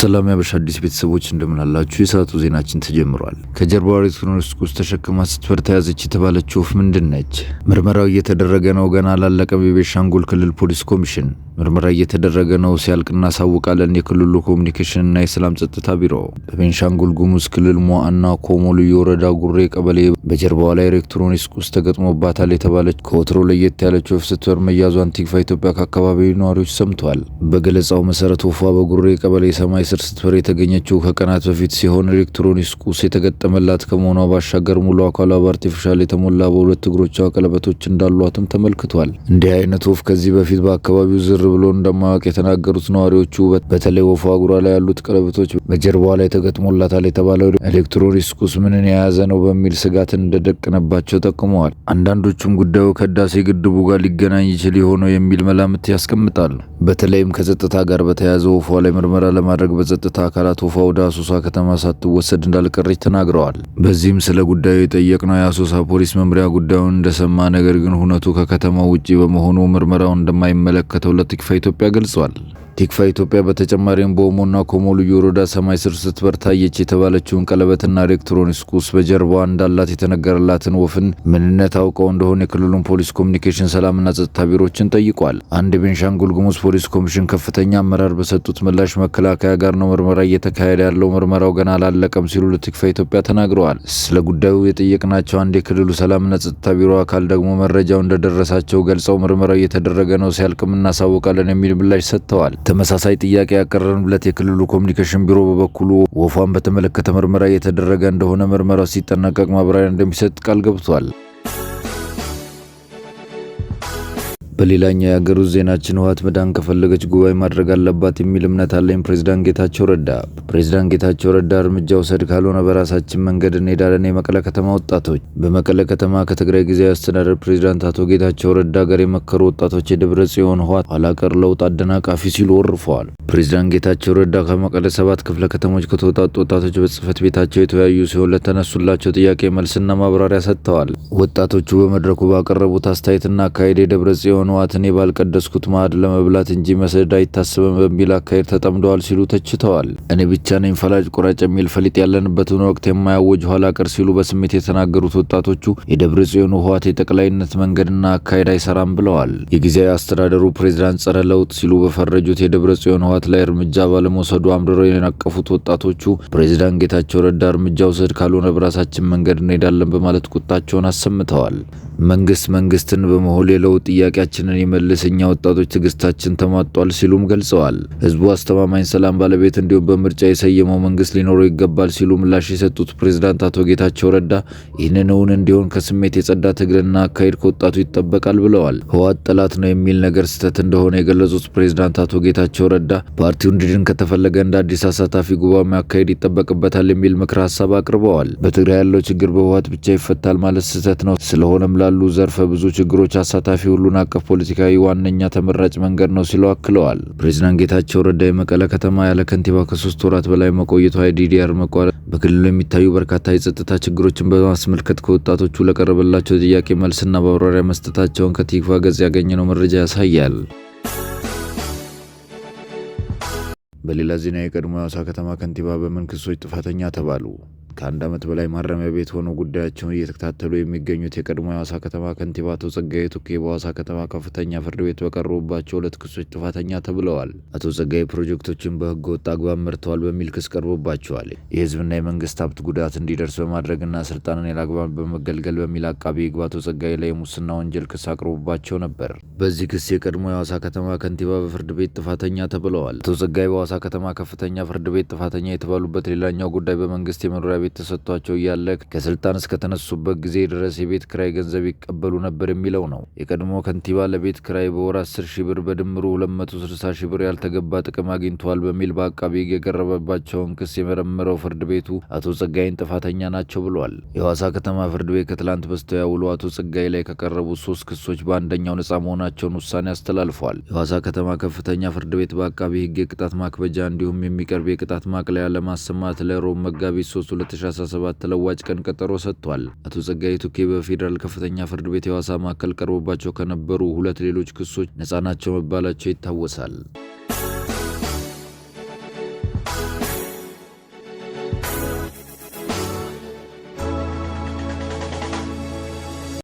ሰላም ያበሻ አዲስ ቤተሰቦች እንደምን አላችሁ? የሰዓቱ ዜናችን ተጀምሯል። ከጀርባ ኤሌክትሮኒክስ ውስጥ ተሸክማ ስትበር ተያዘች የተባለችው ወፍ ምንድን ነች? ምርመራው እየተደረገ ነው፣ ገና አላለቀም። የቤንሻንጉል ክልል ፖሊስ ኮሚሽን ምርመራ እየተደረገ ነው ሲያልቅ እናሳውቃለን። የክልሉ ኮሚኒኬሽን እና የሰላም ጸጥታ ቢሮ በቤንሻንጉል ጉሙዝ ክልል ሞአና ኮሞ ልዩ ወረዳ ጉሬ ቀበሌ በጀርባዋ ላይ ኤሌክትሮኒክስ ቁስ ተገጥሞባታል የተባለች ከወትሮ ለየት ያለች ወፍ ስትበር መያዟን ቲግፋ ኢትዮጵያ ከአካባቢ ነዋሪዎች ሰምቷል። በገለጻው መሰረት ወፏ በጉሬ ቀበሌ ሰማይ ስር ስትበር የተገኘችው ከቀናት በፊት ሲሆን ኤሌክትሮኒክስ ቁስ የተገጠመላት ከመሆኗ ባሻገር ሙሉ አካሏ በአርቲፊሻል የተሞላ በሁለት እግሮቿ ቀለበቶች እንዳሏትም ተመልክቷል። እንዲህ አይነት ወፍ ከዚህ በፊት በአካባቢው ዝር ብሎ እንደማያውቅ የተናገሩት ነዋሪዎቹ በተለይ ወፏ እግሯ ላይ ያሉት ቀለበቶች በጀርባዋ ላይ ተገጥሞላታል የተባለው ኤሌክትሮኒክስ ቁስ ምንን የያዘ ነው በሚል ስጋትን እንደደቀነባቸው ጠቁመዋል። አንዳንዶቹም ጉዳዩ ከህዳሴ ግድቡ ጋር ሊገናኝ ይችል የሆነው የሚል መላምት ያስቀምጣሉ። በተለይም ከጸጥታ ጋር በተያያዘ ወፏ ላይ ምርመራ ለማድረግ በጸጥታ አካላት ወፏ ወደ አሶሳ ከተማ ሳትወሰድ እንዳልቀረች ተናግረዋል። በዚህም ስለ ጉዳዩ የጠየቅነው የአሶሳ ፖሊስ መምሪያ ጉዳዩን እንደሰማ ነገር ግን ሁነቱ ከከተማው ውጪ በመሆኑ ምርመራውን እንደማይመለከተው ለት ሊክ ፈኢትዮጵያ ገልጿል። ቲክፋ ኢትዮጵያ በተጨማሪም በኦሞና ኮሞ ልዩ ወረዳ ሰማይ ስር ስትበር ታየች የተባለችውን ቀለበትና ኤሌክትሮኒክስ ቁስ በጀርባዋ እንዳላት የተነገረላትን ወፍን ምንነት አውቀው እንደሆነ የክልሉን ፖሊስ ኮሚኒኬሽን፣ ሰላምና ጸጥታ ቢሮዎችን ጠይቋል። አንድ ቤንሻንጉል ጉሙዝ ፖሊስ ኮሚሽን ከፍተኛ አመራር በሰጡት ምላሽ መከላከያ ጋር ነው ምርመራ እየተካሄደ ያለው፣ ምርመራው ገና አላለቀም ሲሉ ለቲክፋ ኢትዮጵያ ተናግረዋል። ስለ ጉዳዩ የጠየቅናቸው አንድ የክልሉ ሰላምና ጸጥታ ቢሮ አካል ደግሞ መረጃው እንደደረሳቸው ገልጸው ምርመራው እየተደረገ ነው ሲያልቅም እናሳውቃለን የሚል ምላሽ ሰጥተዋል። ተመሳሳይ ጥያቄ ያቀረብንለት የክልሉ ኮሚኒኬሽን ቢሮ በበኩሉ ወፏን በተመለከተ ምርመራ እየተደረገ እንደሆነ ምርመራው ሲጠናቀቅ ማብራሪያ እንደሚሰጥ ቃል ገብቷል። በሌላኛው የአገር ውስጥ ዜናችን ህወሓት መዳን ከፈለገች ጉባኤ ማድረግ አለባት የሚል እምነት አለኝ ፕሬዝዳንት ጌታቸው ረዳ። ፕሬዚዳንት ጌታቸው ረዳ እርምጃ ውሰድ ካልሆነ በራሳችን መንገድ እንሄዳለን። የመቀለ ከተማ ወጣቶች በመቀለ ከተማ ከትግራይ ጊዜያዊ አስተዳደር ፕሬዝዳንት አቶ ጌታቸው ረዳ ጋር የመከሩ ወጣቶች የደብረ ጽዮን ህወሓት ኋላ ቀር ለውጥ አደናቃፊ ሲሉ ወርፈዋል። ፕሬዚዳንት ጌታቸው ረዳ ከመቀለ ሰባት ክፍለ ከተሞች ከተወጣጡ ወጣቶች በጽህፈት ቤታቸው የተወያዩ ሲሆን ለተነሱላቸው ጥያቄ መልስና ማብራሪያ ሰጥተዋል። ወጣቶቹ በመድረኩ ባቀረቡት አስተያየትና አካሄድ የደብረ ጽዮን ንዋትን ባልቀደስኩት ማዕድ ለመብላት እንጂ መሰደድ አይታሰብም በሚል አካሄድ ተጠምደዋል ሲሉ ተችተዋል። እኔ ብቻ ነኝ ፈላጭ ቁራጭ የሚል ፈሊጥ ያለንበትን ወቅት የማያወጅ ኋላ ቀር ሲሉ በስሜት የተናገሩት ወጣቶቹ የደብረ ጽዮን ህወሓት የጠቅላይነት መንገድና አካሄድ አይሰራም ብለዋል። የጊዜያዊ አስተዳደሩ ፕሬዚዳንት ጸረ ለውጥ ሲሉ በፈረጁት የደብረ ጽዮን ህወሓት ላይ እርምጃ ባለመውሰዱ አምርረው የነቀፉት ወጣቶቹ ፕሬዚዳንት ጌታቸው ረዳ እርምጃ ውሰድ ካልሆነ በራሳችን መንገድ እንሄዳለን በማለት ቁጣቸውን አሰምተዋል። መንግስት መንግስትን በመሆን የለውጥ ጥያቄያችን ሀገራችንን የመልስ እኛ ወጣቶች ትዕግስታችን ተሟጧል ሲሉም ገልጸዋል። ህዝቡ አስተማማኝ ሰላም ባለቤት እንዲሁም በምርጫ የሰየመው መንግስት ሊኖረው ይገባል ሲሉ ምላሽ የሰጡት ፕሬዝዳንት አቶ ጌታቸው ረዳ ይህንን እውን እንዲሆን ከስሜት የጸዳ ትግልና አካሄድ ከወጣቱ ይጠበቃል ብለዋል። ህወሓት ጠላት ነው የሚል ነገር ስህተት እንደሆነ የገለጹት ፕሬዝዳንት አቶ ጌታቸው ረዳ ፓርቲው እንዲድን ከተፈለገ እንደ አዲስ አሳታፊ ጉባኤ ማካሄድ ይጠበቅበታል የሚል ምክር ሀሳብ አቅርበዋል። በትግራይ ያለው ችግር በህወሓት ብቻ ይፈታል ማለት ስህተት ነው። ስለሆነም ላሉ ዘርፈ ብዙ ችግሮች አሳታፊ ሁሉን አቀፍ ፖለቲካዊ ዋነኛ ተመራጭ መንገድ ነው ሲሉ አክለዋል። ፕሬዚዳንት ጌታቸው ረዳ የመቀለ ከተማ ያለ ከንቲባ ከሶስት ወራት በላይ መቆየቷ የዲዲአር መቋረጥ በክልሉ የሚታዩ በርካታ የጸጥታ ችግሮችን በማስመልከት ከወጣቶቹ ለቀረበላቸው ጥያቄ መልስና ማብራሪያ መስጠታቸውን ከቲክቫህ ገጽ ያገኘነው መረጃ ያሳያል። በሌላ ዜና የቀድሞ የአዋሳ ከተማ ከንቲባ በምን ክሶች ጥፋተኛ ተባሉ? ከአንድ ዓመት በላይ ማረሚያ ቤት ሆነው ጉዳያቸውን እየተከታተሉ የሚገኙት የቀድሞ የሐዋሳ ከተማ ከንቲባ አቶ ጸጋዬ ቱኬ በሐዋሳ ከተማ ከፍተኛ ፍርድ ቤት በቀረቡባቸው ሁለት ክሶች ጥፋተኛ ተብለዋል። አቶ ጸጋዬ ፕሮጀክቶችን በህገ ወጥ አግባብ መርተዋል በሚል ክስ ቀርቦባቸዋል። የህዝብና የመንግስት ሀብት ጉዳት እንዲደርስ በማድረግና ስልጣንን ያላግባብ በመገልገል በሚል አቃቢ ሕግ አቶ ጸጋዬ ላይ የሙስና ወንጀል ክስ አቅርቦባቸው ነበር። በዚህ ክስ የቀድሞ የሐዋሳ ከተማ ከንቲባ በፍርድ ቤት ጥፋተኛ ተብለዋል። አቶ ጸጋዬ በሐዋሳ ከተማ ከፍተኛ ፍርድ ቤት ጥፋተኛ የተባሉበት ሌላኛው ጉዳይ በመንግስት የመኖሪያ ቤት ቤት ተሰጥቷቸው እያለ ከስልጣን እስከተነሱበት ጊዜ ድረስ የቤት ክራይ ገንዘብ ይቀበሉ ነበር የሚለው ነው። የቀድሞ ከንቲባ ለቤት ክራይ በወር 10 ሺ ብር በድምሩ 260 ሺ ብር ያልተገባ ጥቅም አግኝተዋል በሚል በአቃቢ ሕግ የቀረበባቸውን ክስ የመረመረው ፍርድ ቤቱ አቶ ጸጋይን ጥፋተኛ ናቸው ብሏል። የሐዋሳ ከተማ ፍርድ ቤት ከትላንት በስቲያ ውሎ አቶ ጸጋይ ላይ ከቀረቡ ሶስት ክሶች በአንደኛው ነጻ መሆናቸውን ውሳኔ አስተላልፏል። የሐዋሳ ከተማ ከፍተኛ ፍርድ ቤት በአቃቢ ሕግ የቅጣት ማክበጃ እንዲሁም የሚቀርብ የቅጣት ማቅለያ ለማሰማት ለሮብ መጋቢት 3 2017 ተለዋጭ ቀን ቀጠሮ ሰጥቷል። አቶ ጸጋዬ ቱኬ በፌዴራል ከፍተኛ ፍርድ ቤት የዋሳ ማዕከል ቀርቦባቸው ከነበሩ ሁለት ሌሎች ክሶች ነፃ ናቸው መባላቸው ይታወሳል።